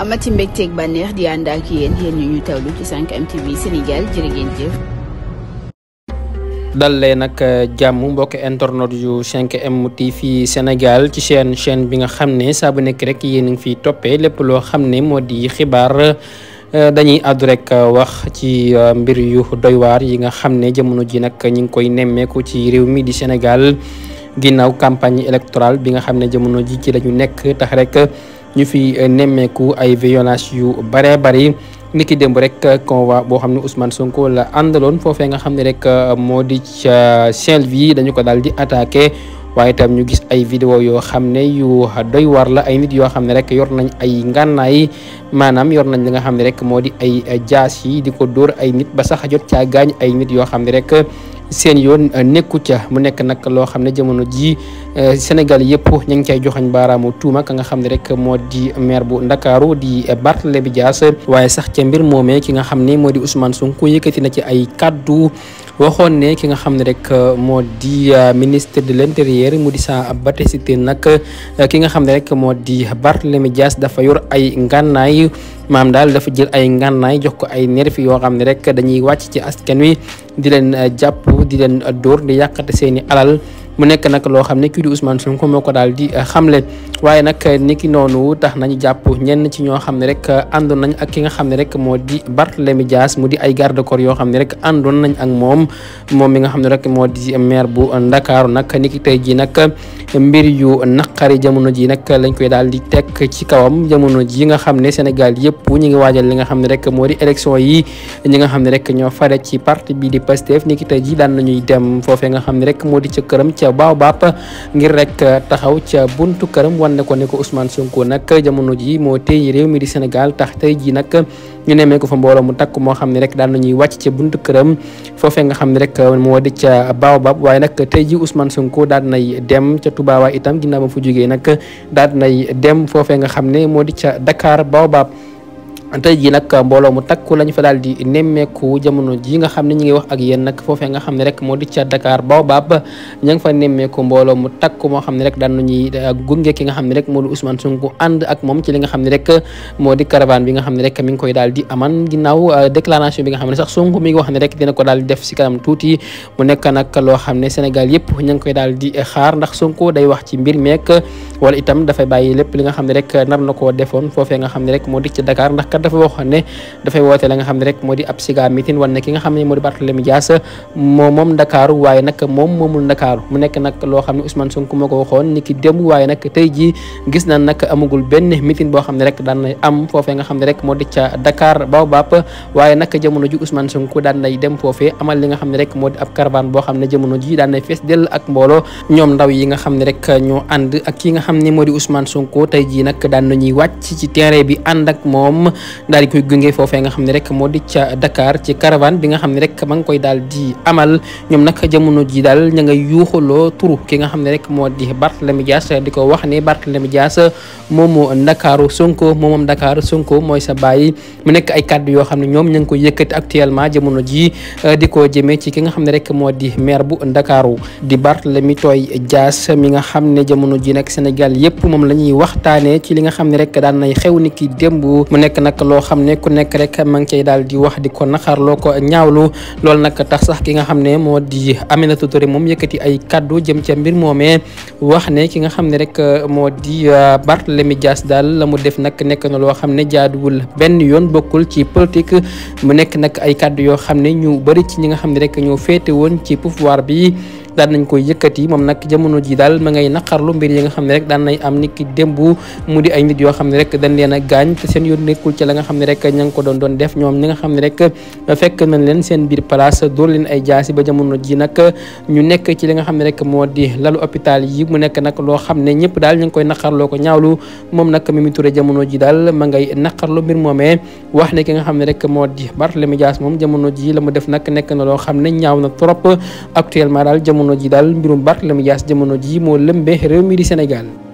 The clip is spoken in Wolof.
amati mbégteeg bànneex di ànd ak yéen yéen ñu tawlu ci 5M TV Sénégal jërë ngeen dal lee nag euh, jàmm mbokk internet yu 5M TV ci chaîne chaîne bi nga xam ne saa bu nekk rek yéen a ngi fiy toppee lépp loo xam ne moo di xibaar. Euh, dañuy àddu rek euh, wax ci mbir yu doywaar yi nga xam ne jamono ji nag ñu ngi koy nemmeeku ci réew mi di senegal ginnaaw campagne électorale bi nga xam ne jamono ji ci la nekk tax rek ñu fi euh, nemmeeku ay violence yu baree bari ni ki démb rek convoi boo xam ne Ousmane Sonko la àndaloon foofee nga xam ne rek euh, moo di ca Saint-Louis dañu ko daal di attaqué waaye itam ñu gis ay vidéo yoo xam ne yu doy war la ay nit yoo xam ne rek yor nañ ay ngànnaay maanaam yor nañ li nga xam ne rek moo di ay jaas yi di ko dóor ay nit ba sax jot caa gaañ ay nit yoo xam ne rek. seen yoon euh, nekku ca mu nekk nag loo xam ne jamono jii euh, Sénégal yëpp ña ngi cay joxañ baaraamu tuuma ka nga xam ne rek moo di maire bu Ndakaaru di euh, Barthélémy Dias waaye sax ca mbir moomee ki nga xam ni moo di Ousmane Sonko yëkkati na ci ay kàddu waxoon ne ki nga xam ne rek euh, moo di euh, ministre de l' intérieur mu di sa Batacité nag euh, ki nga xam ne rek moo di Barthélémy Dias dafa yor ay ngànnaay maam daal dafa jël ay ngànnaay jox ko ay nervi yoo xam ne rek dañuy wàcc ci askan wi di leen jàpp di leen dóor di yàqate seeni alal. mu nekk nag loo xam ne kii di Ousmane ko moo ko daal di eh, xamle waaye nag eh, niki noonu tax nañu jàpp ñenn ci ñoo xam ne rek eh, àndoon nañ ak ki nga xam ne rek moo di Barthélemy Dias mu di ay garde corps yoo xam ne rek àndoon nañ ak moom moom mi nga xam ne rek moo di maire bu Ndakaaru nag niki tey jii nag. mbir yu naqari jamono ji nag lañ koy daal di teg ci kawam jamono ji nga xam ne Sénégal yëpp ñu ngi waajal li nga xam ne rek moo di élection yi ñi nga xam ne rek ñoo fare ci parti bi di Pastef ni ki tey ji daan nañuy dem foofee nga xam ne rek moo di ca këram ca Baobab ngir rek taxaw ca buntu këram wan ne ko ne ko Ousmane Sonko nag jamono ji moo téye réew mi di Sénégal tax tey ji nag ñu nemee ko fa mbooloo mu takk moo xam ne rek daan na ñuy wàcc ca buntu këram foofee nga xam ne rek moo di ca Baobab waaye nag tey ji Ousmane Sonko daan nay dem ca Touba itam ginnaaw ba mu fa nag daal nay dem foofe nga xam ne moo di ca Dakar Baobab tey jii nag mbooloo mu takku lañ fa daal di nemmeeku jamono ji nga xam ne ñu ngi wax ak yéen nag foofee nga xam ne rek moo di ca Dakar Baobab ña nga fa nemmeeku mbooloo mu takk moo xam ne rek daan nañuy gunge ki nga xam ne rek moo di Ousmane Sonko ànd ak moom ci li nga xam ne rek moo di caravane bi nga xam ne rek mi ngi koy daal di aman ginnaaw déclaration bi nga xam ne sax Sonko mi ngi wax ne rek dina ko daal di def si kanam tuuti mu nekk nag loo xam ne Sénégal yëpp ña ngi koy daal di xaar ndax Sonko day wax ci mbir meek wala itam dafay bàyyi lépp li nga xam ne rek nar na koo defoon foofee nga xam ne rek moo di ca Dakar ndax kat dafa waxoon ne dafay woote la nga xam ne rek moo di ab siga mitin wan ne ki nga xam ne moo di Barthélemy Dias moo moom Ndakaaru waaye nag moom loo xam ne Ousmane Sonko moo ko waxoon ni ki démb waaye nag tey jii gis nañ nag amagul benn mitin boo xam ne rek daan na am foofee xam ne rek moo di ca Dakar Baobab waaye nag jamono ji Ousmane Sonko daan nay dem foofee amal li nga xam ne rek moo di ab caravane boo xam ne jamono ji daan nay fees dell ak mbooloo ñoom ndaw yi nga xam ne rek ñoo ànd ak ki nga xam ne moo di Ousmane Sonko tey jii nag daan nañuy wàcc ci terrain bi ànd ak moom daal di koy gunge foofee nga xam ne rek moo di ca Dakar ci caravane bi nga xam ne rek ma ngi koy daal di amal ñoom nag jamono ji daal ña nga yuuxaloo turu ki nga xam ne rek moo di Barthélemy Dias di ko wax ne Barthélemy Dias moomu Ndakaaru Sonko moomam Dakar Sonko mooy sa bàyyi mu nekk ay kàddu yoo xam ne ñoom ña ngi ko yëkkati actuellement jamono ji eh, di ko jëmee ci ki nga xam ne rek moo di maire bu Ndakaaru di Barthélemy Toye Dias mi nga xam ne jamono ji nag Sénégal yëpp moom la ñuy waxtaanee ci li nga xam ne rek daan nay xew ni ki démb mu nekk nag loo xam ne ku nekk rek ma ngi cay daal di wax di ko naxarloo ko ñaawlu loolu nag tax sax ki nga xam ne moo di amee Aminata Touré moom yëkkati ay kaddu jëm ca mbir moomee wax ne ki nga xam ne rek euh, moo di euh, Barthélemy Dias daal la mu def nag nekk na loo xam ne jaaduwul benn yoon bokkul ci politique mu nekk nag ay kaddu yoo xam ne ñu bëri ci ñi nga xam ne rek ñoo féete woon ci pouvoir bi daan nañ koy yëkkati moom nag jamono ji daal ma ngay naqarlu mbir yi nga xam ne rek daan nay am nit ki démb mu di ay nit yoo xam ne a gaañ te seen yoon nekkul ci nga xam ne rek ko doon doon def ñoom ñi xam ne rek fekk leen seen biir place door leen ay jaasi ba jamono ji nag nekk ci li nga xam ne rek moo di lalu hôpital yi mu nekk nag loo xam ne ñëpp daal ñu ngi koy naqarloo ko ñaawlu moom nag Mimi Touré jamono ji daal ma ngay naqarlu mbir moomee wax ne ki nga xam ne rek moo di Barthélémy Dias moom jamono ji la mu def nak nekk na loo xam ne ñaaw na trop actuellement daal jamono ji daal mbirum Barthélémy Dias jamono ji moo lëmbee réew mi di Sénégal